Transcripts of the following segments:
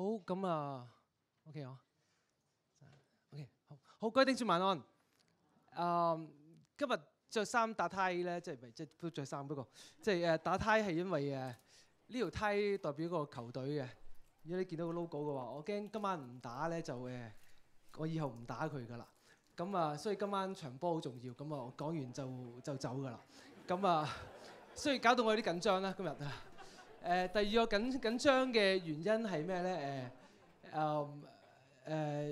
好咁啊，OK 啊，OK，好，OK，OK, 好，各位聽眾晚安。誒、um，今日着衫打梯咧，即係咪即係都着衫不過？即係誒打呔係因為誒呢條呔代表個球隊嘅，如果你見到個 logo 嘅話，我驚今晚唔打咧就誒我以後唔打佢噶啦。咁啊，所以今晚場波好重要。咁啊，我講完就就走噶啦。咁啊，所以搞到我有啲緊張啦，今日誒、呃、第二個緊緊張嘅原因係咩呢？誒、呃、誒、呃，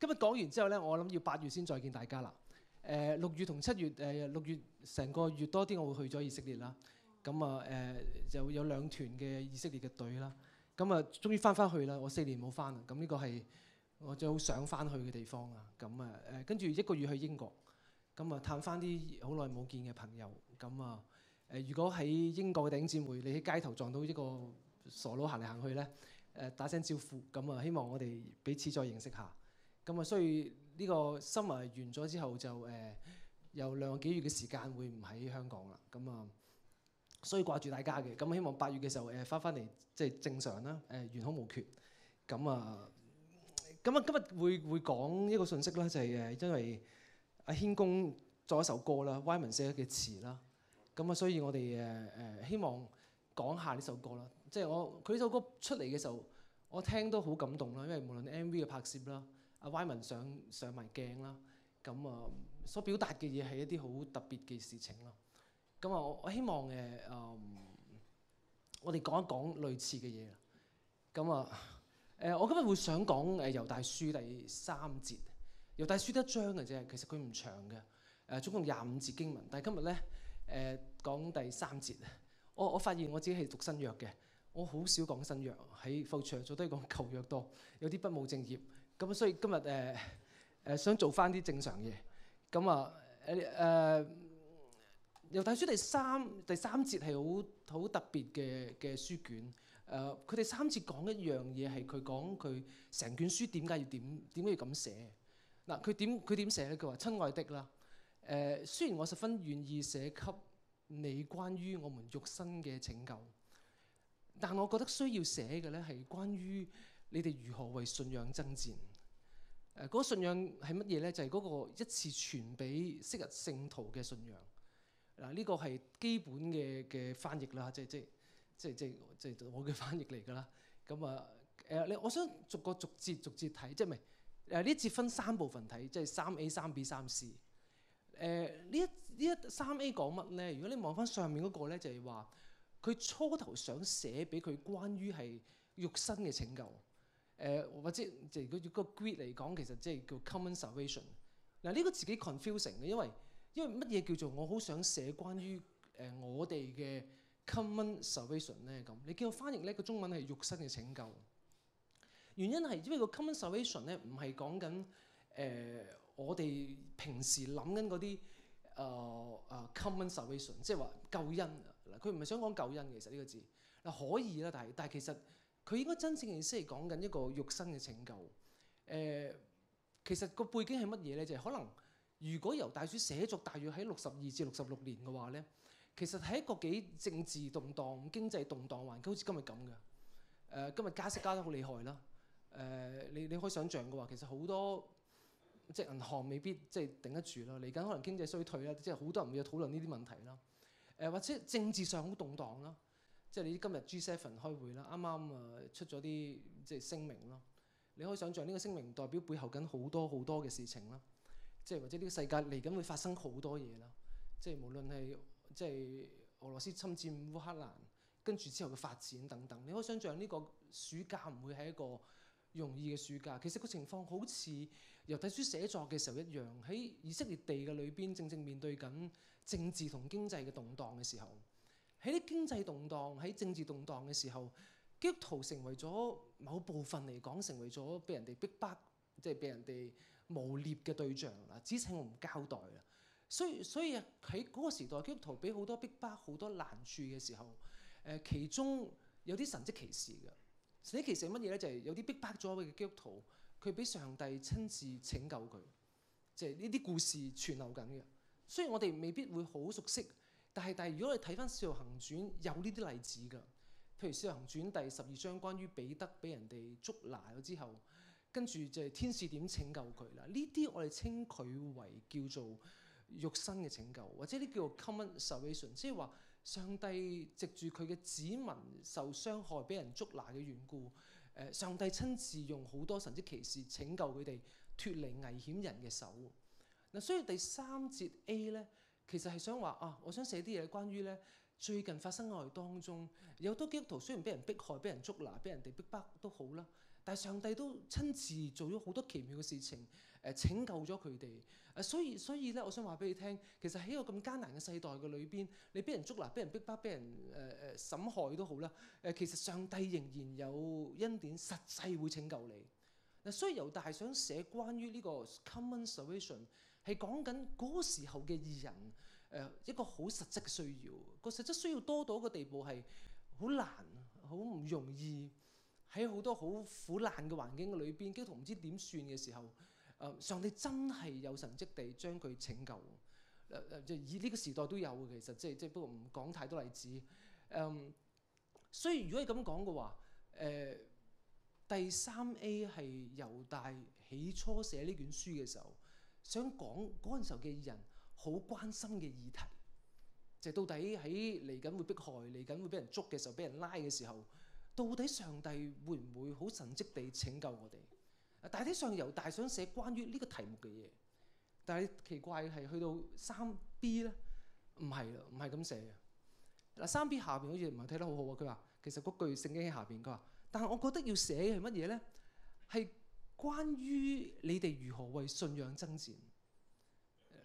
今日講完之後呢，我諗要八月先再見大家啦。誒、呃、六月同七月誒六、呃、月成個月多啲，我會去咗以色列啦。咁啊誒就有兩團嘅以色列嘅隊啦。咁、呃、啊，終於翻翻去啦！我四年冇翻啦，咁、這、呢個係我真係好想翻去嘅地方啊。咁啊誒，跟住一個月去英國，咁、呃、啊探翻啲好耐冇見嘅朋友，咁、呃、啊。誒，如果喺英國嘅頂尖會，你喺街頭撞到一個傻佬行嚟行去咧，誒、呃，打聲招呼，咁啊，希望我哋彼此再認識下。咁啊，所以呢個新聞完咗之後，就誒、呃、有兩個幾月嘅時間會唔喺香港啦。咁啊，所以掛住大家嘅，咁希望八月嘅時候誒返返嚟，即係正常啦，誒、呃，完好無缺。咁啊，咁啊，今日會會講一個信息啦，就係誒，因為阿、啊、軒公作一首歌啦 Wyman 寫嘅詞啦。咁啊，所以我哋誒誒希望講下呢首歌啦。即係我佢呢首歌出嚟嘅時候，我聽都好感動啦。因為無論 M V 嘅拍攝啦，阿 Y 文上上埋鏡啦，咁啊，所表達嘅嘢係一啲好特別嘅事情咯。咁啊，我我希望誒嗯、啊，我哋講一講類似嘅嘢啦。咁啊，誒、啊、我今日會想講誒《猶大書》第三節，《猶大書》一章嘅啫，其實佢唔長嘅誒、啊，總共廿五字經文，但係今日咧。誒、呃、講第三節，我我發現我自己係讀新約嘅，我好少講新約，喺副場做都係講舊約多，有啲不務正業，咁所以今日誒誒想做翻啲正常嘢。咁啊誒誒，猶、呃、大書第三第三節係好好特別嘅嘅書卷，誒佢哋三節講一樣嘢係佢講佢成卷書點解要點點解要咁寫？嗱佢點佢點寫咧？佢話親愛的啦。誒，雖然我十分願意寫給你關於我們肉身嘅拯救，但我覺得需要寫嘅咧係關於你哋如何為信仰爭戰。誒、呃，嗰、那個、信仰係乜嘢咧？就係、是、嗰個一次傳俾昔日聖徒嘅信仰。嗱、呃，呢、這個係基本嘅嘅翻譯啦，即係即係即係即係即係我嘅翻譯嚟㗎啦。咁啊誒，你、呃、我想逐個逐節逐節睇，即係唔係？呢節分三部分睇，即係三 A、三 B、三 C。誒呢、呃、一呢一三 A 講乜咧？如果你望翻上面嗰個咧，就係話佢初頭想寫俾佢關於係肉身嘅拯救，誒、呃、或者即係嗰個 grid 嚟講，其實即係叫 common salvation。嗱、呃、呢、這個自己 confusing 嘅，因為因為乜嘢叫做我好想寫關於誒我哋嘅 common salvation 咧？咁你見我翻譯呢個中文係肉身嘅拯救，原因係因為個 common salvation 咧唔係講緊誒。我哋平時諗緊嗰啲誒誒 common salvation 即係話救恩嗱，佢唔係想講救恩，其實呢個字可以啦，但係但係其實佢應該真正意思係講緊一個肉身嘅拯救。誒、呃，其實個背景係乜嘢咧？就係、是、可能如果由猶大書寫作，大約喺六十二至六十六年嘅話咧，其實係一個幾政治動盪、經濟動盪環境，好似今日咁嘅誒。今日加息加得好厲害啦，誒、呃，你你可以想象嘅話，其實好多。即係銀行未必即係頂得住啦。嚟緊可能經濟衰退啦，即係好多人會討論呢啲問題啦。誒，或者政治上好動盪啦，即係你今日 G Seven 開會啦，啱啱誒出咗啲即係聲明咯。你可以想像呢個聲明代表背後緊好多好多嘅事情啦。即係或者呢個世界嚟緊會發生好多嘢啦。即係無論係即係俄羅斯侵佔烏克蘭，跟住之後嘅發展等等，你可以想像呢個暑假唔會係一個容易嘅暑假。其實個情況好似～由睇書寫作嘅時候一樣，喺以色列地嘅裏邊，正正面對緊政治同經濟嘅動盪嘅時候，喺啲經濟動盪、喺政治動盪嘅時候，基督徒成為咗某部分嚟講，成為咗俾人哋逼迫、即係俾人哋污蔑嘅對象啦，只請我唔交代啦。所以所以喺嗰個時代，基督徒俾好多逼迫、好多難處嘅時候，誒、呃、其中有啲神跡歧視嘅。神跡歧視係乜嘢咧？就係、是、有啲逼迫咗嘅基督徒。佢俾上帝親自拯救佢，即係呢啲故事傳留緊嘅。雖然我哋未必會好熟悉，但係但係如果你睇翻《少行傳》，有呢啲例子㗎。譬如《少行傳》第十二章關於彼得俾人哋捉拿咗之後，跟住就係天使點拯救佢啦。呢啲我哋稱佢為叫做肉身嘅拯救，或者呢叫做 common salvation，即係話上帝藉住佢嘅子民受傷害、俾人捉拿嘅緣故。誒上帝親自用好多神蹟奇事拯救佢哋脫離危險人嘅手。嗱，所以第三節 A 咧，其實係想話啊，我想寫啲嘢關於咧最近發生嘅愛當中有多基督徒雖然俾人迫害、俾人捉拿、俾人哋逼迫都好啦。但係上帝都親自做咗好多奇妙嘅事情，誒、呃、拯救咗佢哋。誒所以所以咧，我想話俾你聽，其實喺個咁艱難嘅世代嘅裏邊，你俾人捉拿、俾人逼迫巴、俾人誒誒審害都好啦。誒、呃、其實上帝仍然有恩典，實際會拯救你。嗱、呃，所以猶大係想寫關於呢個 common salvation 係講緊嗰時候嘅人，誒、呃、一個好實質嘅需要，個實質需要多到一個地步係好難、好唔容易。喺好多好苦難嘅環境裏邊，基督徒唔知點算嘅時候，誒上帝真係有神蹟地將佢拯救。誒誒，即係呢個時代都有嘅，其實即係即係不過唔講太多例子。誒、嗯，所以如果係咁講嘅話，誒、呃、第三 A 係猶大起初寫呢卷書嘅時候，想講嗰陣時候嘅人好關心嘅議題，就係、是、到底喺嚟緊會迫害、嚟緊會俾人捉嘅時，時候、俾人拉嘅時候。到底上帝會唔會好神蹟地拯救我哋？大體上猶大想寫關於呢個題目嘅嘢，但係奇怪係去到三 B 咧，唔係啦，唔係咁寫嘅嗱。三 B 下邊好似唔係睇得好好啊。佢話其實嗰句聖經喺下邊，佢話但係我覺得要寫嘅係乜嘢咧？係關於你哋如何為信仰爭戰、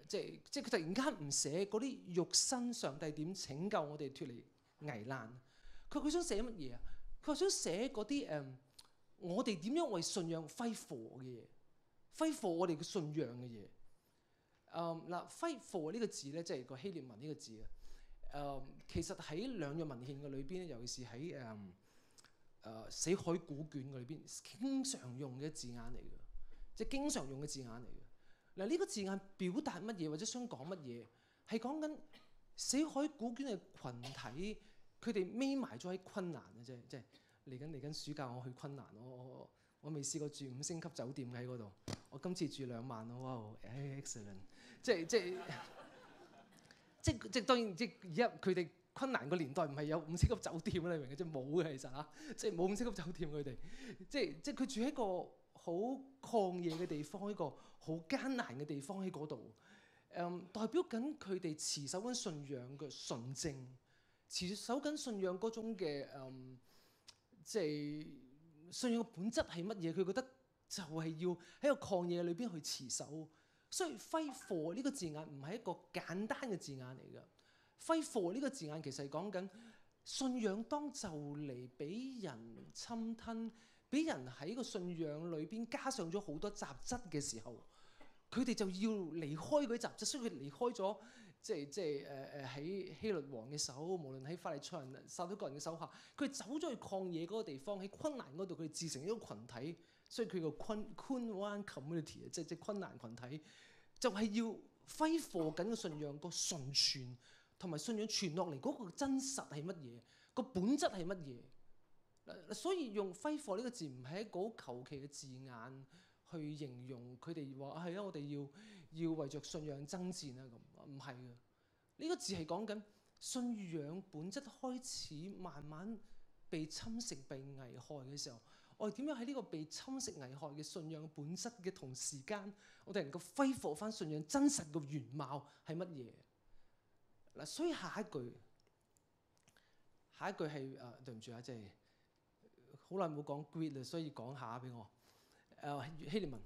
就是，即係即係佢突然間唔寫嗰啲肉身上帝點拯救我哋脫離危難。佢佢想寫乜嘢啊？佢話想寫嗰啲誒，um, 我哋點樣為信仰揮霍嘅嘢，揮霍我哋嘅信仰嘅嘢。誒、um, 嗱，揮霍呢個字咧，即係個希臘文呢個字啊。誒、um，其實喺兩樣文獻嘅裏邊咧，尤其是喺誒誒死海古卷嘅裏邊，經常用嘅字眼嚟嘅，即係經常用嘅字眼嚟嘅。嗱，呢個字眼表達乜嘢或者想講乜嘢？係講緊死海古卷嘅群體。佢哋匿埋咗喺昆蘭啊！即即係嚟緊嚟緊暑假我，我去昆蘭，我我未試過住五星級酒店喺嗰度。我今次住兩萬，哇、哦！Excellent！即係即係即即，即，即當然即而家佢哋昆蘭個年代唔係有五星級酒店啦，你明嘅即冇嘅其實嚇，即係冇五星級酒店佢哋。即係即佢住喺一個好曠野嘅地方， 一個好艱難嘅地方喺嗰度。誒、嗯，代表緊佢哋持守緊信仰嘅純正。持守緊信仰嗰種嘅，嗯，即係信仰嘅本質係乜嘢？佢覺得就係要喺個曠野裏邊去持守，所以「揮霍」呢個字眼唔係一個簡單嘅字眼嚟嘅。「揮霍」呢個字眼其實係講緊信仰當就嚟俾人侵吞、俾人喺個信仰裏邊加上咗好多雜質嘅時候，佢哋就要離開嗰啲雜質，所以佢離開咗。即係即係誒、誒喺希律王嘅手，無論喺法利賽人、撒都該人嘅手下，佢走咗去曠野嗰個地方，喺昆蘭嗰度，佢哋自成一個群體，所以佢個昆昆蘭 community，即係即係昆蘭群體，就係、是、要揮霍緊嘅信仰個純傳，同埋信仰傳落嚟嗰個真實係乜嘢，個本質係乜嘢。所以用揮霍呢、這個字唔係一個好求其嘅字眼去形容佢哋話係啊，我哋要。要為着信仰爭戰啊！咁唔係嘅，呢個字係講緊信仰本質開始慢慢被侵蝕、被危害嘅時候，我哋點樣喺呢個被侵蝕、危害嘅信仰本質嘅同時間，我哋能夠恢復返信仰真實嘅原貌係乜嘢？嗱，所以下一句，下一句係誒、呃，對唔住啊，即係好耐冇講 Greek 啦，所以講下俾我誒、呃、希臘文。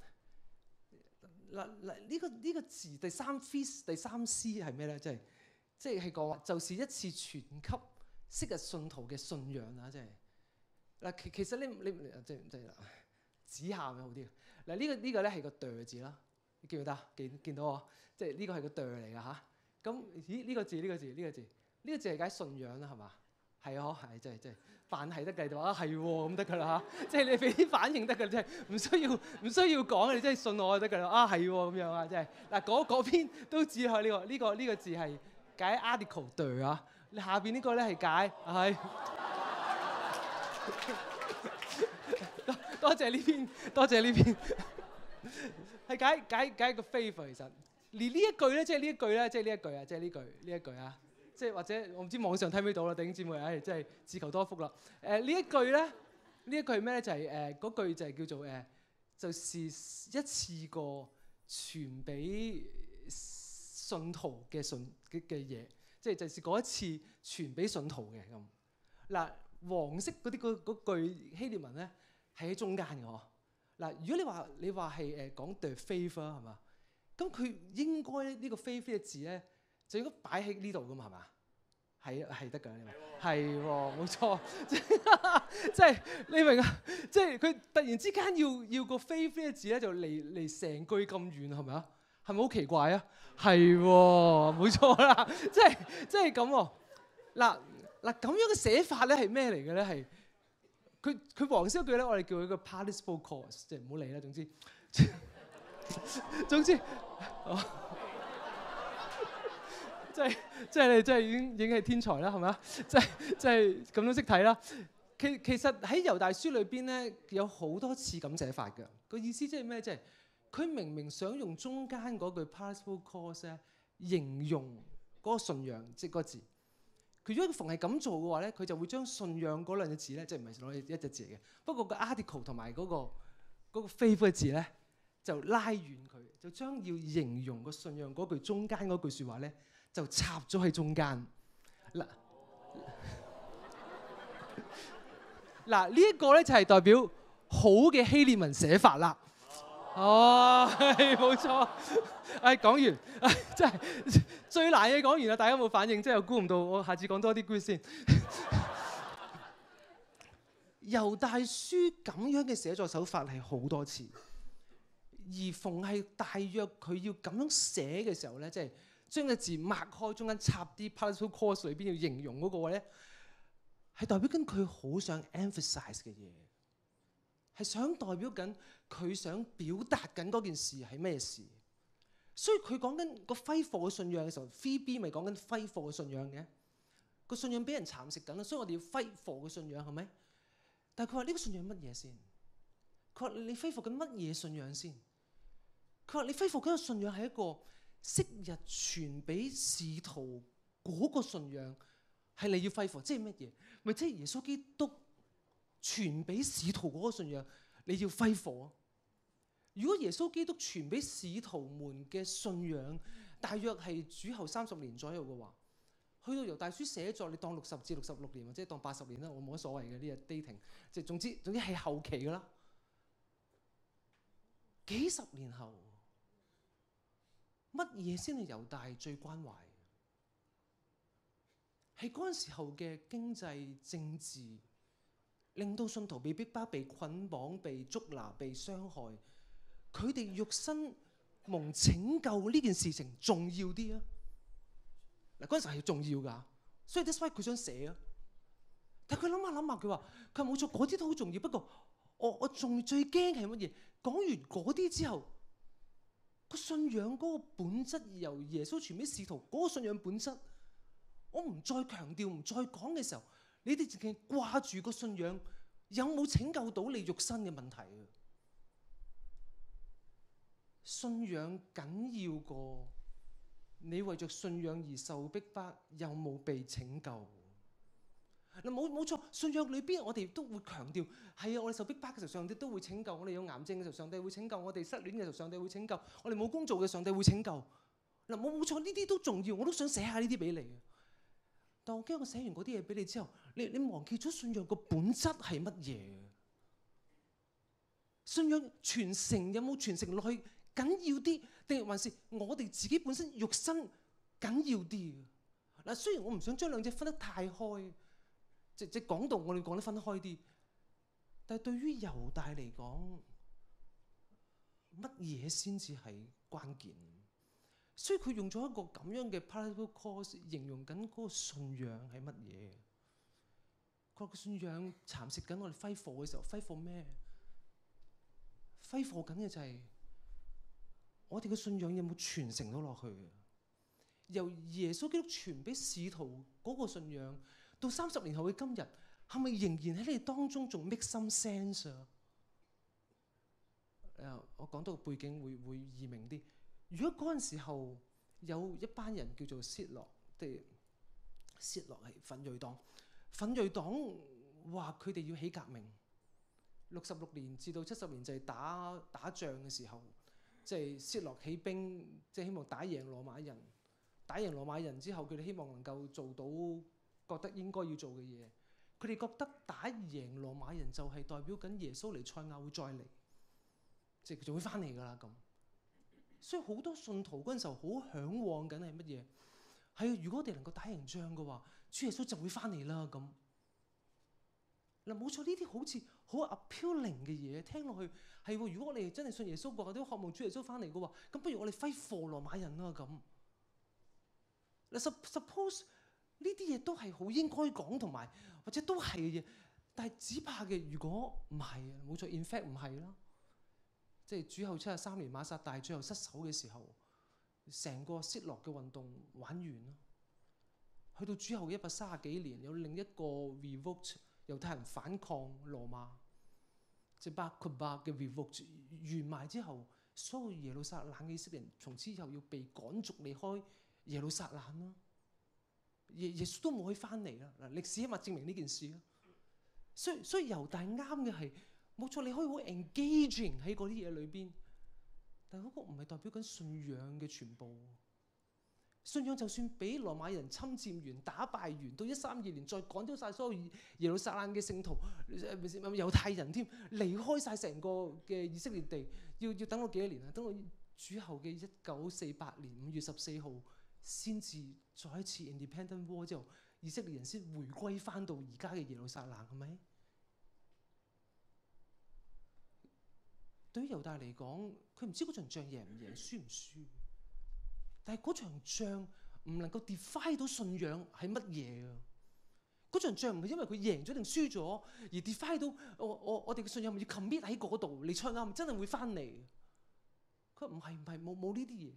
嗱，嗱，呢個呢個字第三 face 第三 c 係咩咧？即係即係講話，就是一次全級昔日信徒嘅信仰啊！即係嗱，其其實你你即即係指吓咪好啲。嗱，呢個呢個咧係個哆字啦，見唔見得？見，見到哦，即係呢個係個哆嚟嘅嚇。咁咦呢個字呢個字呢個字呢個字係解信仰啦，係嘛？係咯，係真係真係，飯係得計就啊，係喎，咁得㗎啦嚇，即係你俾啲反應得㗎，即係唔需要唔需要講，你真係信我就得㗎啦。啊係喎，咁樣啊，樣即係嗱嗰篇都似係呢個呢、呢個呢、呢個字係解 article 對，啊，你下面、啊、 邊呢個咧係解係。多謝呢篇，多謝呢篇，係解解解個 favor 其實，連呢一句咧，即係呢一句咧，即係呢一句啊，即係呢句呢一句啊。即係或者我唔知網上睇唔到啦，頂、姊妹，即、哎、係自求多福啦。誒、呃、呢一句咧，呢 一句係咩咧？就係誒嗰句就係叫做誒、呃，就是一次過傳俾信徒嘅信嘅嘅嘢，即係就係、是、一次傳俾信徒嘅咁。嗱、呃、黃色嗰啲嗰句、句希臘文咧係喺中間嘅呵。嗱、呃、如果你話你話係誒講 the faith 係嘛？咁佢應該、這個、呢個 faith 嘅字咧？就應該擺喺呢度噶嘛，係嘛？係係得㗎，係喎，冇寫錯，即係 你明啊？即係佢突然之間要要個飛飛字咧，就離離成句咁遠，係咪的寫 trajectory 啊？係咪好奇怪啊？係喎，冇錯啦，即係即係咁喎。嗱嗱咁樣嘅寫法咧係咩嚟嘅咧？係佢佢黃少句咧，我哋叫佢個 participle cause，即係唔好理啦。總之，寫寫總之，oh, 即係即係，即係已經已經係天才啦，係咪啊？即係即係咁都識睇啦。其其實喺《猶大書》裏邊咧，有好多次咁寫法嘅個意思，即係咩？即係佢明明想用中間嗰句 possible cause 咧，形容嗰個信仰即嗰個字。佢如果逢係咁做嘅話咧，佢就會將信仰嗰兩隻字咧，即係唔係攞一隻字嚟嘅。不過個 article 同埋、嗰、嗰、個嗰個 fave 嘅字咧，就拉遠佢，就將要形容個信仰嗰句中間嗰句説話咧。就插咗喺中間嗱嗱，這個、呢一個咧就係、是、代表好嘅希臘文寫法啦。哦，係冇、哦、錯。誒講、 哎、完，誒、哎、真係最難嘅講完啦，大家有冇反應？真係我估唔到。我下次講多啲句先。猶 大書咁樣嘅寫作手法係好多次，而逢係大約佢要咁樣寫嘅時候咧，即係。將個字擘開，中間插啲 parallel course 裏邊要形容嗰個咧，係代表緊佢好想 emphasize 嘅嘢，係想代表緊佢想表達緊嗰件事係咩事。所以佢講緊個揮霍嘅信仰嘅時候，three B 咪講緊揮霍嘅信仰嘅，個信仰俾人蠶食緊啦，所以我哋要揮霍嘅信仰係咪？但係佢話呢個信仰乜嘢先？佢話你揮霍緊乜嘢信仰先？佢話你揮霍緊嘅信仰係一個。昔日傳俾使徒嗰個信仰係你要揮霍，即係乜嘢？咪即係耶穌基督傳俾使徒嗰個信仰，你要揮霍。如果耶穌基督傳俾使徒們嘅信仰，大約係主後三十年左右嘅話，去到猶大書寫作，你當六十至六十六年或者當八十年啦，我冇乜所謂嘅呢個 dating，即係總之總之係後期噶啦，幾十年後。乜嘢先係猶大最關懷？係嗰陣時候嘅經濟政治，令到信徒被逼巴、被捆綁、被捉拿、被傷害，佢哋肉身蒙拯救呢件事情重要啲啊！嗱，嗰陣時係重要㗎，所以 that’s why 佢想寫啊。但係佢諗下諗下，佢話：佢冇錯，嗰啲都好重要。不過我，我我仲最驚係乜嘢？講完嗰啲之後。個信仰嗰個本質由耶穌傳俾使徒，嗰個信仰本質，我唔再強調，唔再講嘅時候，你哋淨係掛住個信仰有冇拯救到你肉身嘅問題？信仰緊要過你為着信仰而受逼迫，有冇被拯救？嗱，冇冇錯，信仰裏邊我哋都會強調，係啊，我哋受逼迫嘅時候，上帝都會拯救；我哋有癌症嘅時候，上帝會拯救；我哋失戀嘅時候，上帝會拯救；我哋冇工做嘅，上帝會拯救。嗱，冇冇錯，呢啲都重要，我都想寫下呢啲俾你。但我驚我寫完嗰啲嘢俾你之後，你你忘記咗信仰嘅本質係乜嘢？信仰傳承有冇傳承落去緊要啲，定還是我哋自己本身肉身緊要啲？嗱，雖然我唔想將兩隻分得太開。直即講到我哋講得分開啲，但係對於猶大嚟講，乜嘢先至係關鍵？所以佢用咗一個咁樣嘅 political course 形容緊嗰個信仰係乜嘢？嗰個信仰蠶食緊我哋揮霍嘅時候，揮霍咩？揮霍緊嘅就係、是、我哋嘅信仰有冇傳承到落去？由耶穌基督傳俾使徒嗰個信仰。到三十年後嘅今日，係咪仍然喺你哋當中仲 make some sense 啊？誒、uh，我講到背景會會易明啲。如果嗰陣時候有一班人叫做斯諾，即係斯諾係奮銳黨，奮銳黨話佢哋要起革命。六十六年至到七十年就係打打仗嘅時候，即係斯諾起兵，即係希望打贏羅馬人。打贏羅馬人之後，佢哋希望能夠做到。覺得應該要做嘅嘢，佢哋覺得打贏羅馬人就係代表緊耶穌嚟賽亞會再嚟，即係就會翻嚟㗎啦咁。所以好多信徒嗰陣時候好嚮往緊係乜嘢？係啊，如果我哋能夠打贏仗嘅話，主耶穌就會翻嚟啦咁。嗱，冇錯，呢啲好似好 appealing 嘅嘢，聽落去係。如果我哋真係信耶穌嘅話，個我都渴望主耶穌翻嚟嘅喎。咁不如我哋揮霍羅馬人啦、啊、咁。嗱 suppose。呢啲嘢都係好應該講同埋，或者都係嘅嘢。但係只怕嘅，如果唔係，冇錯，in fact 唔係咯。即係主後七十三年馬薩大最後失手嘅時候，成個色落嘅運動玩完咯。去到主後一百三十幾年，有另一個 revolt，猶太人反抗羅馬，即係巴庫巴嘅 revolt 完埋之後，所有耶路撒冷嘅以色列人從此以後要被趕逐離開耶路撒冷咯。耶耶穌都冇可以翻嚟啦！嗱，歷史今日證明呢件事啦。雖然雖然猶大啱嘅係冇錯，錯，你可以好 engaging 喺嗰啲嘢裏邊，但嗰個唔係代表緊信仰嘅全部。信仰就算俾羅馬人侵佔完、打敗完，到一三二年再趕走晒所有耶路撒冷嘅聖徒，猶太人添離開晒成個嘅以色列地，要要等我幾多年啊？等我主後嘅一九四八年五月十四號。先至再一次 independent war 之後，以色列人先回歸翻到而家嘅耶路撒冷，係咪？對於猶大嚟講，佢唔知嗰場仗贏唔贏、輸唔輸。但係嗰場仗唔能夠 defy 到信仰係乜嘢啊？嗰場仗唔係因為佢贏咗定輸咗，而 defy 到我我我哋嘅信仰要 commit 喺嗰度，你唱啱，真係會翻嚟。佢唔係唔係，冇冇呢啲嘢。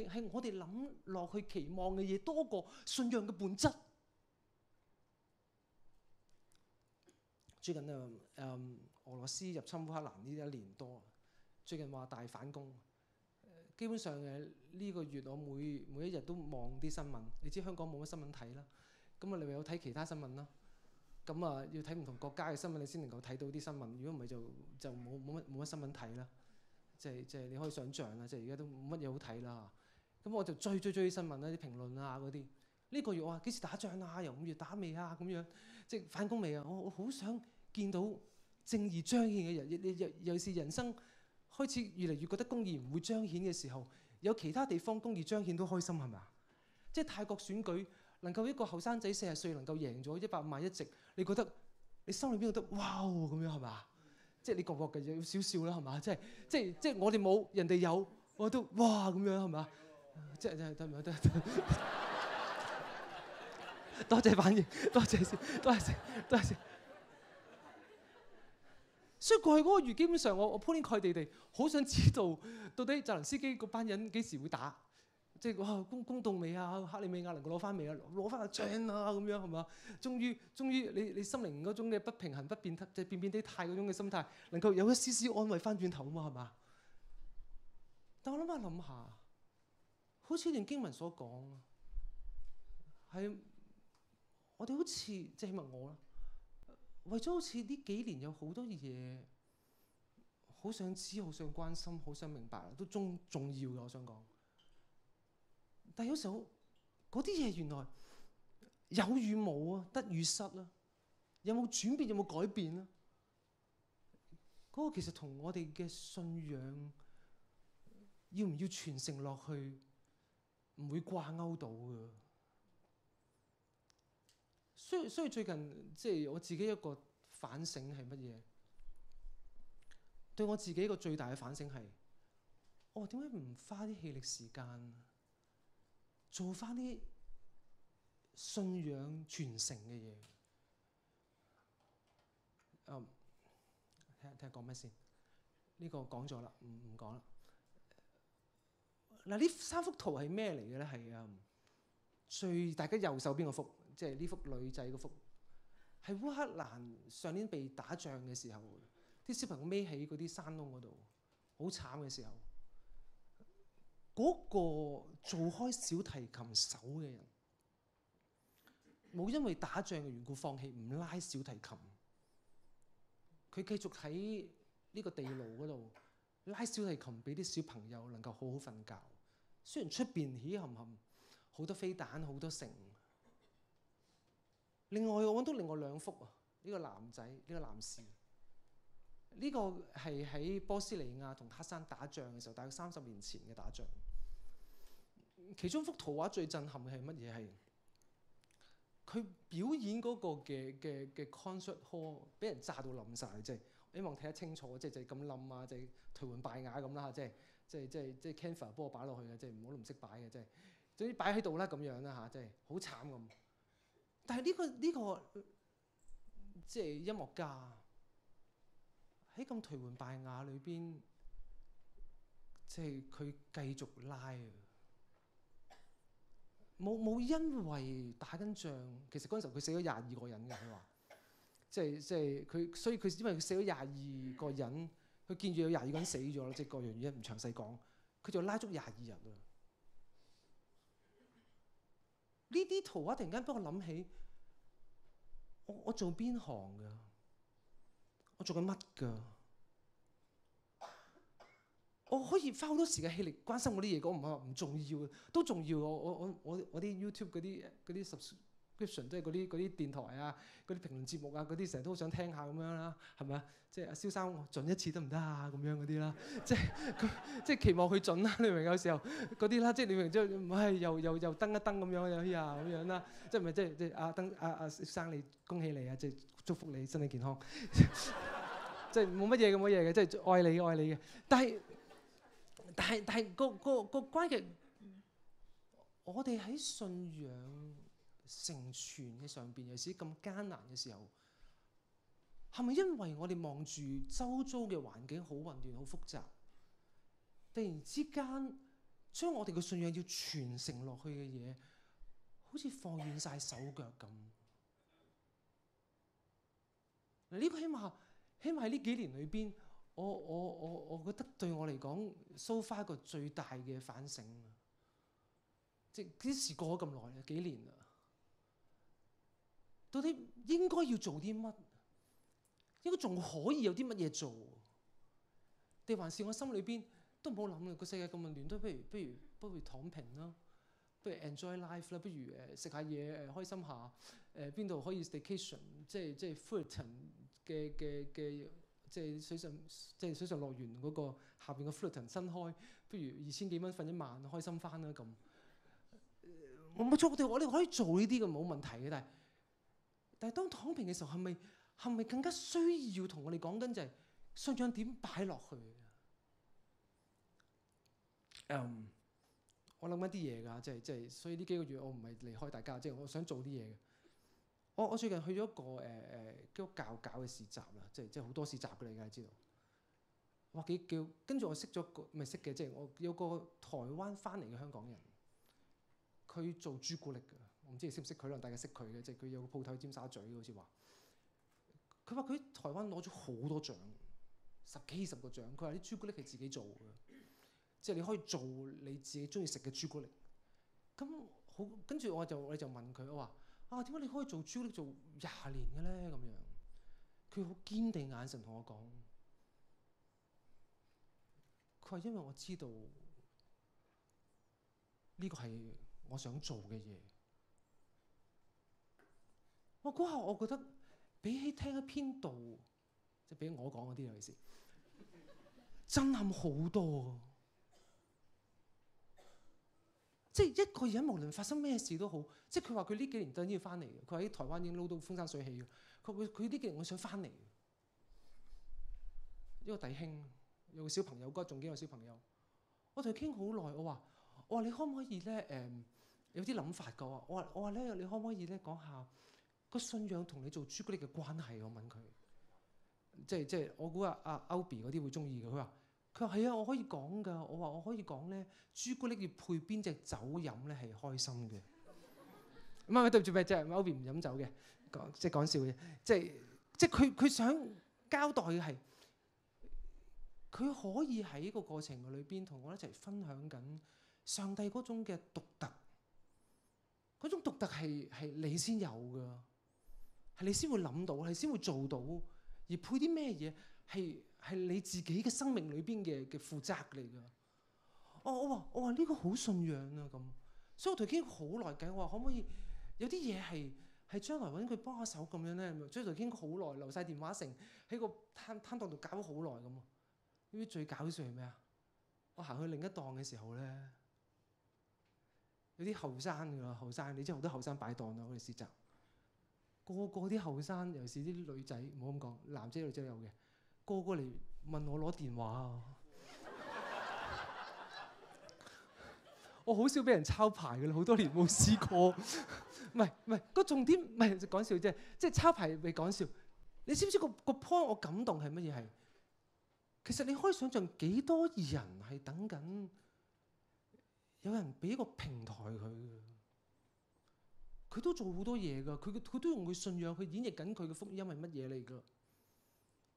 係係我哋諗落去期望嘅嘢多過信仰嘅本質。最近啊，誒、嗯，俄羅斯入侵烏克蘭呢一年多，最近話大反攻。基本上誒，呢個月我每每一日都望啲新聞。你知香港冇乜新聞睇啦，咁啊，你咪有睇其他新聞啦。咁啊，要睇唔同國家嘅新，新聞，你先能夠睇到啲新聞。如果唔係就、就冇冇乜冇乜新聞睇啦。即係即係你可以想像啦，即係而家都冇乜嘢好睇啦。咁我就追追追新聞啦，啲評論啊嗰啲。呢、這個月我話幾時打仗啊？又五、啊、月打未啊？咁樣即係反攻未啊？我我好想見到正義彰顯嘅人。你你尤尤其是人生開始越嚟越覺得公義唔會彰顯嘅時候，有其他地方公義彰顯都開心係咪啊？即係泰國選舉能夠一個後生仔四十歲能夠贏咗一百萬一席，你覺得你心裏邊覺得哇咁樣係咪啊？即係你覺覺嘅有少少啦係嘛？即係即係即係我哋冇人哋有，我都哇咁樣係咪啊？即係真係對唔對？ 多謝反應，多謝先，多謝多謝 所以過去嗰個月，基本上我我鋪天蓋地地好想知道，到底澤連斯基嗰班人幾時會打？即係攻，攻到未啊？克里米亞能夠攞翻未啊？攞翻阿槍啊？咁樣係嘛？終於終於你，你你心靈嗰種嘅不平衡、不變態，即係變變態嗰種嘅心態，能夠有一絲絲安慰翻轉頭啊嘛？係嘛？但我諗下諗下。想想好似段經文所講，係我哋好似即係起碼我啦，為咗好似呢幾年有好多嘢，好想知、好想關心、好想明白，都重重要嘅。我想講，但係有時候嗰啲嘢原來有與冇啊，得與失啊，有冇轉變、有冇改變啊。嗰、嗰個其實同我哋嘅信仰要唔要傳承落去？唔會掛鈎到嘅。所以所以最近即係、就是、我自己一個反省係乜嘢？對我自己一個最大嘅反省係，我、哦、點解唔花啲氣力時間做翻啲信仰傳承嘅嘢？嗯，睇下睇下講咩先？呢、這個講咗啦，唔唔講啦。嗱，呢三幅圖係咩嚟嘅咧？係啊，最大家右手邊個幅，即係呢幅女仔個幅，係烏克蘭上年被打仗嘅時候，啲小朋友孭喺嗰啲山窿嗰度，好慘嘅時候。嗰、嗰個做開小提琴手嘅人，冇因為打仗嘅緣故放棄唔拉小提琴，佢繼續喺呢個地牢嗰度。拉小提琴俾啲小朋友能夠好好瞓覺。雖然出邊起冚冚，好多飛彈，好多城。另外我揾到另外兩幅啊，呢個男仔，呢個男士。呢個係喺波斯尼亞同黑山打仗嘅時候，大概三十年前嘅打仗。其中幅圖畫最震撼嘅係乜嘢？係佢表演嗰個嘅嘅嘅 concert hall 俾人炸到冧晒。即係。希望睇得清楚，即係就係咁冧啊！即係頹垣敗瓦咁啦，即係即係即係即係 Canva 幫我，我擺落去嘅，即係唔好唔識擺嘅，即係總之擺喺度啦咁樣啦吓，即係好慘咁。但係、呢個、呢個呢、呢個即係音樂家喺咁頹垣敗瓦裏邊，即係佢繼續拉，冇冇因為打緊仗。其實嗰陣時佢死咗廿二個人㗎，佢話。即係即係佢，所以佢因為死咗廿二個人，佢見住有廿二個人死咗咯，即係個樣嘢唔詳細講，佢就拉足廿二人啊！呢啲圖啊，突然間畀我諗起，我我做邊行㗎？我做緊乜㗎？我可以花好多時間氣力關心我啲嘢，我唔係話唔重要啊，都重要，我我我我啲 YouTube 嗰啲啲十。即係嗰啲啲電台啊，嗰啲評論節目啊，嗰啲成日都好想聽下咁樣啦，係咪啊？即係阿蕭生準一次得唔得啊？咁樣嗰啲啦，即係即係期望佢準啦，你明？有時候嗰啲啦，即係你明即係唔係又又又，又登一登咁樣，樣，樣啊？呀咁樣啦，即係咪即係即係阿登阿阿生你恭喜你啊！即係祝福你身體健康， 即係冇乜嘢嘅乜嘢嘅，即係愛你愛你嘅。但係但係但係個個個關鍵，我哋喺信仰。承傳嘅上邊有時咁艱難嘅時候，係咪因為我哋望住周遭嘅環境好混亂、好複雜，突然之間將我哋嘅信仰要傳承落去嘅嘢，好似放軟晒手腳咁？呢、呢個起碼起碼喺呢幾年裏邊，我我我我覺得對我嚟講，so far 一個最大嘅反省。即係幾時過咗咁耐啦，幾年啦。到底應該要做啲乜？應該仲可以有啲乜嘢做？定還是我心裏邊都唔好諗啦？個世界咁混亂，都不如不如不如躺平啦，不如 enjoy life 啦，不如誒食、呃、下嘢誒、呃、開心下誒邊度可以 staycation，即係即係 Fullerton 嘅嘅嘅，即係水上即係水上樂園嗰個下邊嘅 Fullerton 新開，不如二千幾蚊瞓一晚，開心翻啦咁。我冇錯啲，我哋可以做呢啲嘅冇問題嘅，但係。但係當躺平嘅時候，係咪係咪更加需要同我哋講緊就係成長點擺落去啊？嗯、um，我諗緊啲嘢㗎，即係即係，所以呢幾個月我唔係離開大家，即係我想做啲嘢嘅。我我最近去咗個誒誒嗰個教教嘅市集啦，即係即係好多市集㗎啦，你梗係知道。哇幾叫，跟住我識咗個咪識嘅，即係我有個台灣翻嚟嘅香港人，佢做朱古力㗎。我唔知你識唔識佢咯，但係大家識佢嘅，即係佢有個鋪頭尖沙咀，好似話。佢話佢喺台灣攞咗好多獎，十幾二十個獎。佢話啲朱古力係自己做嘅，即係你可以做你自己中意食嘅朱古力。咁好，跟住我就我就問佢我話啊，點解你可以做朱古力做廿年嘅咧？咁樣，佢好堅定眼神同我講，佢話因為我知道呢個係我想做嘅嘢。我嗰下，我覺得比起聽一篇道，即係比起我講嗰啲嚟，先震撼好多。即係一個人無論發生咩事都好，即係佢話佢呢幾年都已經翻嚟。佢喺台灣已經撈到風生水起嘅。佢佢佢呢幾年佢想翻嚟。一個弟兄有個小朋友哥，仲幾個小朋友。我同佢傾好耐，我話我話你可唔可以咧？誒、呃，有啲諗法噶。我話我話咧，你可唔可以咧、呃、講下？個信仰同你做朱古力嘅關係，我問佢，即係即係我估阿阿歐比嗰啲會中意嘅。佢話：佢話係啊，我可以講㗎。我話我可以講咧，朱古力要配邊隻酒飲咧，係開心嘅。唔係唔係對唔住咩啫？歐比唔飲酒嘅，講即係講笑嘅、啫，即係即係佢佢想交代嘅係，佢可以喺個過程裏邊同我一齊分享緊上帝嗰種嘅獨特，嗰種獨特係係你先有㗎。係你先會諗到，係你先會做到，而配啲咩嘢係係你自己嘅生命裏邊嘅嘅負責嚟㗎。哦，我話我話呢個好信仰啊咁，所以我同佢傾好耐偈，我話可唔可以有啲嘢係係將來揾佢幫下手咁樣咧？所以我同佢傾好耐，留晒電話，剩喺個攤攤檔度搞好耐咁。呢啲最搞笑係咩啊？我行去另一檔嘅時候咧，有啲後生㗎喎，後生你知好多後生擺檔咯，我哋市集。個個啲後生，尤其是啲女仔，唔好咁講，男仔女仔都有嘅。個個嚟問我攞電話啊！ 我好少俾人抄牌嘅啦，好多年冇試過。唔係唔係，個重點唔係講笑啫，即係抄牌未講笑。你知唔知、個、個 point 我感動係乜嘢？係其實你可以想象幾多人係等緊，有人俾個平台佢。佢都做好多嘢㗎，佢佢都用佢信仰去演繹緊佢嘅福音，係乜嘢嚟㗎？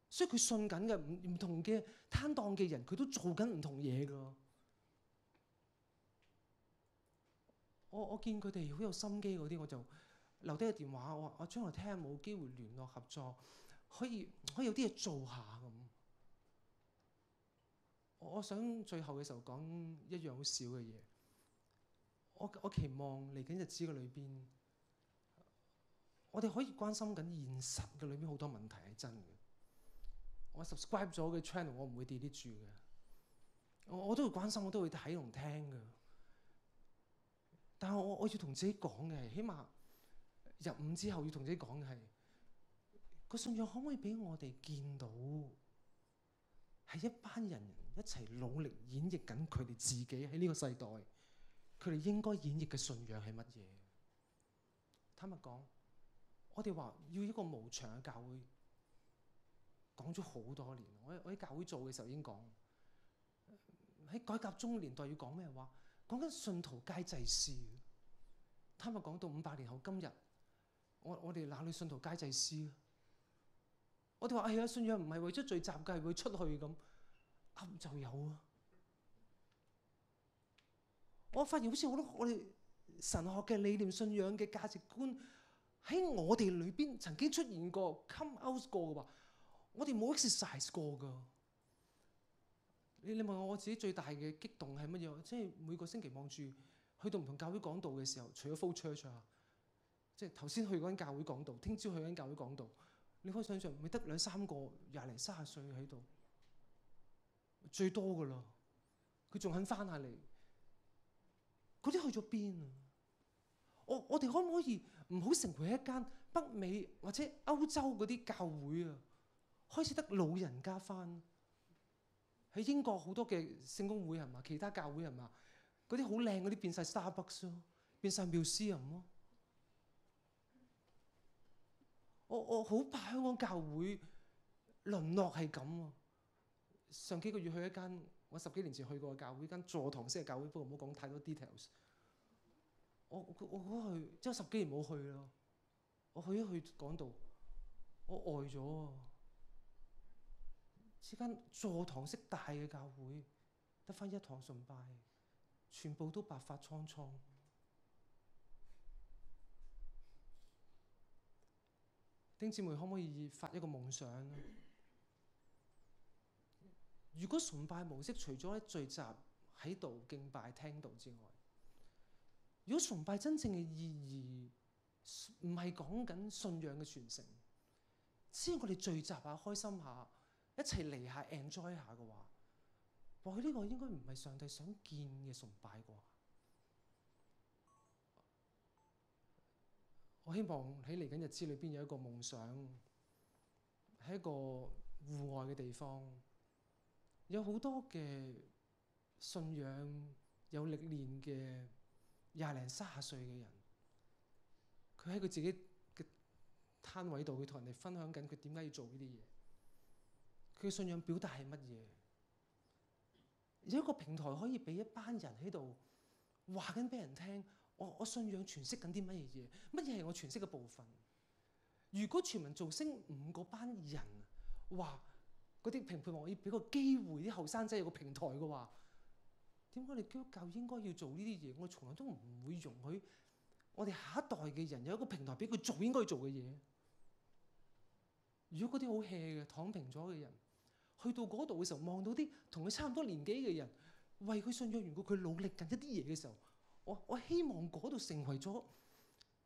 所以佢信緊嘅唔唔同嘅攤檔嘅人，佢都做緊唔同嘢㗎。我我見佢哋好有心機嗰啲，我就留低個電話，我我將來聽冇機會聯絡合作，可以可以有啲嘢做下咁。我想最後嘅時候講一樣好少嘅嘢，我我期望嚟緊日子嘅裏邊。我哋可以關心緊現實嘅裏面好多問題係真嘅。我 subscribe 咗嘅 channel，我唔會 delete 住嘅。我我都會關心，我都會睇同聽嘅。但係我我要同自己講嘅係，起碼入伍之後要同自己講嘅係，個信仰可唔可以俾我哋見到係一班人一齊努力演繹緊佢哋自己喺呢個世代，佢哋應該演繹嘅信仰係乜嘢？坦白講。我哋話要一個無牆嘅教會，講咗好多年。我我喺教會做嘅時候已經講，喺改革中年代要講咩話？講緊信徒皆祭司。貪咪講到五百年後今日，我我哋哪裏信徒皆祭司？我哋話係啊，信仰唔係為咗聚集嘅，係會出去咁，咁就有啊。我發現好似好多我哋神學嘅理念、信仰嘅價值觀。喺我哋裏邊曾經出現過 come out 過嘅話，我哋冇 exercise 過噶。你你問我我自己最大嘅激動係乜嘢？即、就、係、是、每個星期望住去到唔同教會講道嘅時候，除咗 f u l l c h u r c h 啊，即係頭先去嗰間教會講道，聽朝去嗰間教會講道，你可以想象，咪得兩三個廿零卅歲喺度最多噶啦。佢仲肯翻下嚟，嗰啲去咗邊啊？我我哋可唔可以唔好成為一間北美或者歐洲嗰啲教會啊？開始得老人家翻喺、啊、英國好多嘅聖公會係嘛，其他教會係嘛，嗰啲好靚嗰啲變晒 Starbucks 咯，變晒 museum 咯。我我好怕香港教會淪落係咁、啊。上幾個月去一間我十幾年前去過嘅教會，間座堂式嘅教會，不過唔好講太多 details。我我我去，即係十幾年冇去咯。我去一去港島，我呆咗喎。之間座堂式大嘅教會，得返一堂崇拜，全部都白髮蒼蒼。丁姊妹可唔可以發一個夢想？如果崇拜模式除咗喺聚集喺度敬拜聽道之外，如果崇拜真正嘅意義唔係講緊信仰嘅傳承，只要我哋聚集下、開心下、一齊嚟下、enjoy 下嘅話，或許呢個應該唔係上帝想見嘅崇拜啩。我希望喺嚟緊日子裏邊有一個夢想，喺一個戶外嘅地方，有好多嘅信仰有歷練嘅。廿零三十歲嘅人，佢喺佢自己嘅攤位度，佢同人哋分享緊佢點解要做呢啲嘢。佢信仰表達係乜嘢？有一個平台可以俾一班人喺度話緊俾人聽，我我信仰詮釋緊啲乜嘢？乜嘢係我詮釋嘅部分？如果全民造星五個班人嘩嗰啲評判話，我要俾個機會啲後生仔有個平台嘅話。點解你哋基督教應該要做呢啲嘢？我從來都唔會容許我哋下一代嘅人有一個平台俾佢做應該做嘅嘢。如果嗰啲好 hea 嘅躺平咗嘅人，去到嗰度嘅時候望到啲同佢差唔多年紀嘅人，為佢信仰如果佢努力緊一啲嘢嘅時候，我我希望嗰度成為咗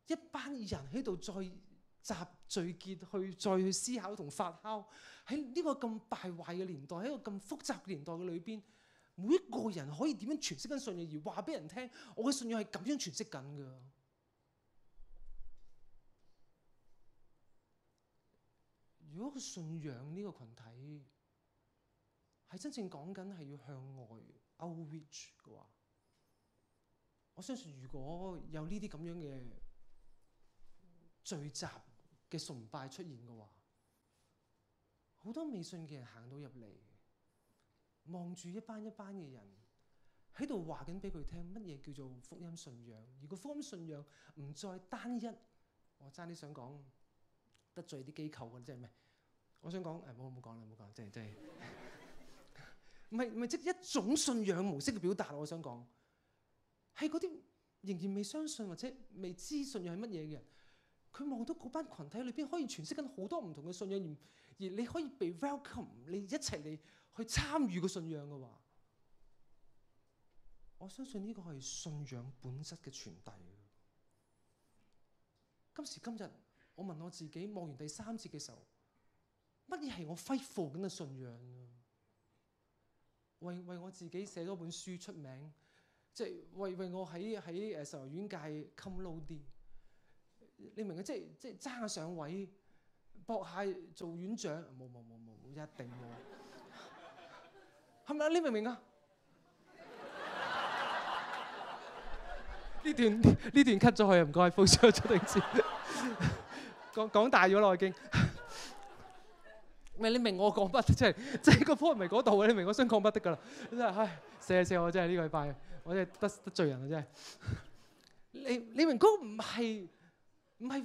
一班人喺度再集聚結去再去思考同發酵。喺呢個咁敗壞嘅年代，喺一個咁複雜嘅年代嘅裏邊。每一個人可以點樣詮釋緊信仰而話俾人聽？我嘅信仰係咁樣詮釋緊嘅。如果個信仰呢個群體係真正講緊係要向外 outreach 嘅話，我相信如果有呢啲咁樣嘅聚集嘅崇拜出現嘅話，好多未信嘅人行到入嚟。望住一班一班嘅人喺度話緊俾佢聽乜嘢叫做福音信仰？而個福音信仰唔再單一。我爭啲想講得罪啲機構嘅，即係咩？我想講誒，冇冇講啦，冇講，即係即係。唔係唔係即係一種信仰模式嘅表達。我想講係嗰啲仍然未相信或者未知信仰係乜嘢嘅人，佢望到嗰班群體裏邊可以詮釋緊好多唔同嘅信仰，而而你可以被 welcome，你一齊嚟。去參與個信仰嘅話，我相信呢個係信仰本質嘅傳遞。今時今日，我問我自己，望完第三節嘅時候，乜嘢係我揮霍緊嘅信仰啊？為為我自己寫咗本書出名，即係為為我喺喺誒神學院界襟撈啲，你明嘅？即係即係爭下上位，博下，做院長，冇冇冇冇，一定冇。係咪啊？你明唔明啊？呢段呢段 cut 咗佢又唔該，放長咗定先。講講大咗喇，我已經。咪你明我講不得出嚟，即係個科唔係嗰度嘅，你明我想講不得㗎啦。真係，唉！射射我真係呢個禮拜，我真係得得罪人啦，真係。你你明高，唔係唔係。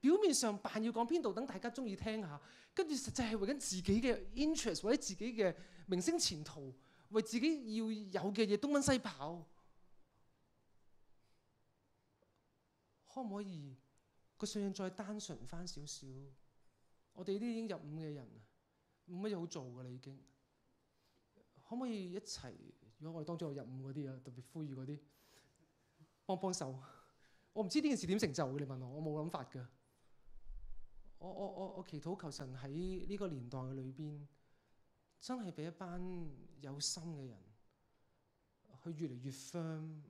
表面上扮要講邊度等大家中意聽下，跟住實際係為緊自己嘅 interest 或者自己嘅明星前途，為自己要有嘅嘢東奔西跑。 可唔可以個信仰再單純翻少少？我哋呢啲已經入伍嘅人，冇乜嘢好做噶啦已經。可唔可以一齊？如果我哋當中有入伍嗰啲啊，特別呼籲嗰啲，幫幫手。我唔知呢件事點成就嘅，你問我，我冇諗法噶。我我我我祈禱求神喺呢個年代裏邊，真係俾一班有心嘅人，佢越嚟越 firm，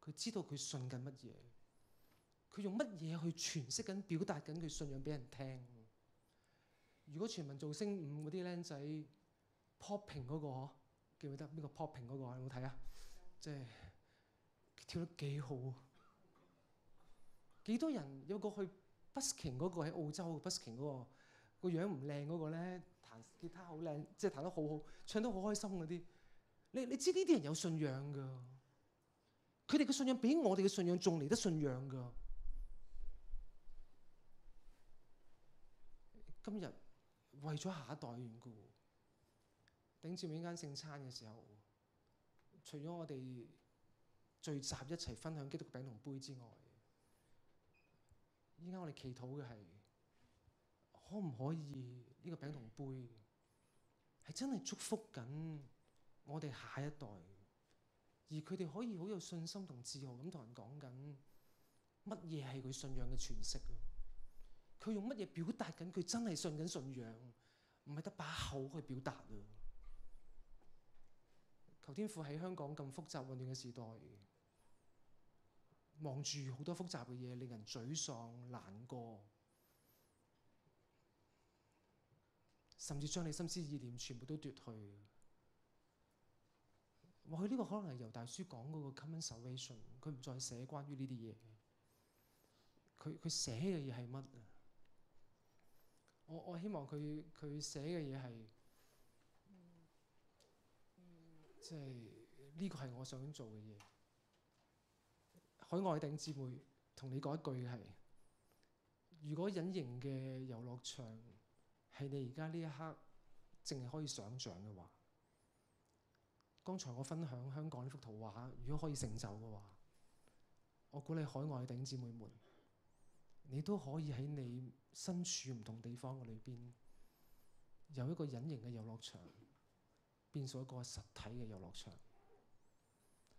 佢知道佢信緊乜嘢，佢用乜嘢去詮釋緊、表達緊佢信仰俾人聽。如果全民造星五嗰啲僆仔，Popping 嗰個，記唔記得，邊個 Popping 嗰、嗰個？有冇睇啊？即係、 就是、跳得幾好啊！幾多人有過去？Busking 嗰個喺澳洲，Busking 嗰、嗰個樣、嗰個樣唔靚嗰個咧，彈吉他好靚，即係彈得好好，唱得好開心嗰啲。你你知呢啲人有信仰噶，佢哋嘅信仰比我哋嘅信仰仲嚟得信仰噶。今日為咗下一代緣故，頂住邊間聖餐嘅時候，除咗我哋聚集一齊分享基督餅同杯之外。而家我哋祈禱嘅係，可唔可以呢個餅同杯係真係祝福緊我哋下一代，而佢哋可以好有信心同自豪咁同人講緊乜嘢係佢信仰嘅詮釋，佢用乜嘢表達緊佢真係信緊信仰，唔係得把口去表達啊！求天父喺香港咁複雜混亂嘅時代。望住好多複雜嘅嘢，令人沮喪難過，甚至將你心思意念全部都奪去。我佢呢個可能係猶大書講嗰個 common salvation，佢唔再寫關於呢啲嘢。佢佢寫嘅嘢係乜啊？我我希望佢佢寫嘅嘢係，即係呢個係我想做嘅嘢。海外弟兄姊妹，同你講一句係：如果隱形嘅遊樂場係你而家呢一刻淨係可以想像嘅話，剛才我分享香港呢幅圖畫，如果可以成就嘅話，我估你海外弟兄姊妹們，你都可以喺你身處唔同地方嘅裏邊，有一個隱形嘅遊樂場變成一個實體嘅遊樂場。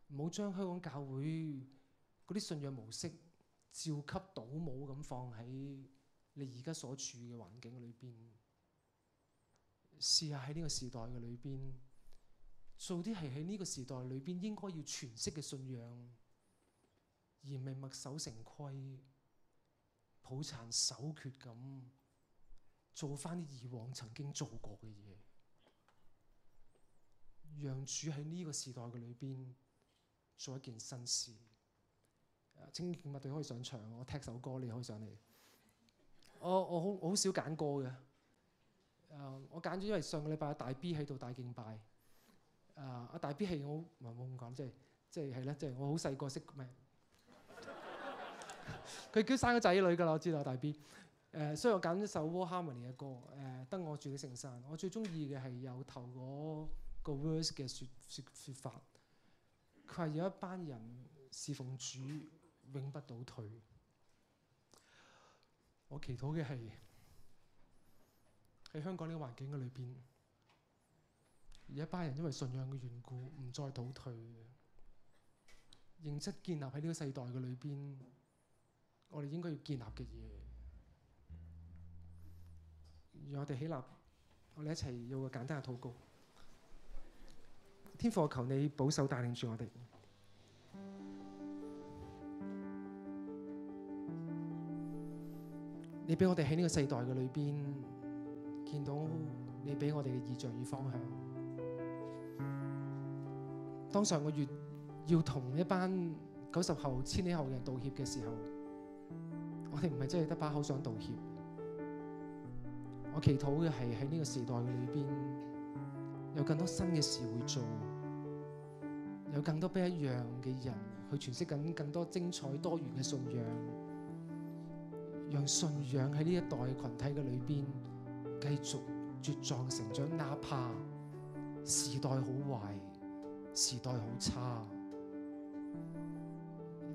唔好將香港教會嗰啲信仰模式，照級倒模咁放喺你而家所處嘅環境裏邊。試下喺呢個時代嘅裏邊，做啲係喺呢個時代裏邊應該要詮釋嘅信仰，而唔係墨守成規、抱殘守缺咁做翻啲以往曾經做過嘅嘢，讓主喺呢個時代嘅裏邊做一件新事。清潔物隊可以上場，我踢首歌你可以上嚟。我我好好少揀歌嘅，誒、呃、我揀咗，因為上個禮拜阿大 B 喺度大敬拜，誒、呃、阿大 B 係我唔好咁講，即係即係係咧，即係我好細個識咩？佢 叫生個仔女噶啦，我知道大 B、呃。誒所以我揀咗首 War Harmony 嘅歌，誒、呃、得我住嘅城山，我最中意嘅係有頭嗰個 verse 嘅説説説法，佢話有一班人侍奉主。永不倒退。我祈禱嘅係喺香港呢個環境嘅裏邊，而一班人因為信仰嘅緣故，唔再倒退嘅，認識建立喺呢個世代嘅裏邊，我哋應該要建立嘅嘢，讓我哋起立，我哋一齊有個簡單嘅禱告。天父，我求你保守帶領住我哋。你俾我哋喺呢個世代嘅裏邊見到你俾我哋嘅意象與方向。當上個月要同一班九十後、千里後嘅人道歉嘅時候，我哋唔係真係得把口想道歉。我祈禱嘅係喺呢個時代嘅裏邊有更多新嘅事會做，有更多不一樣嘅人去詮釋緊更多精彩多元嘅信仰。讓信仰喺呢一代群體嘅裏邊繼續茁壯成長，哪怕時代好壞、時代好差，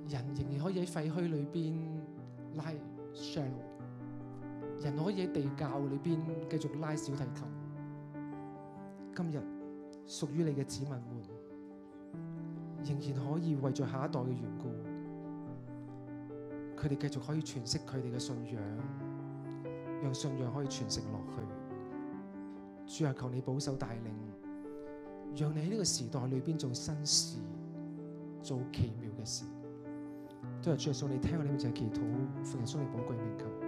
人仍然可以喺廢墟裏邊拉小提琴，人可以喺地窖裏邊繼續拉小提琴。今日屬於你嘅子民們，仍然可以為着下一代嘅緣故。佢哋繼續可以傳釋佢哋嘅信仰，讓信仰可以傳承落去。主啊，求你保守帶領，讓你喺呢個時代裏邊做新事，做奇妙嘅事。都係主耶穌，你聽我呢邊就係祈禱，奉耶穌基督寶貴名求。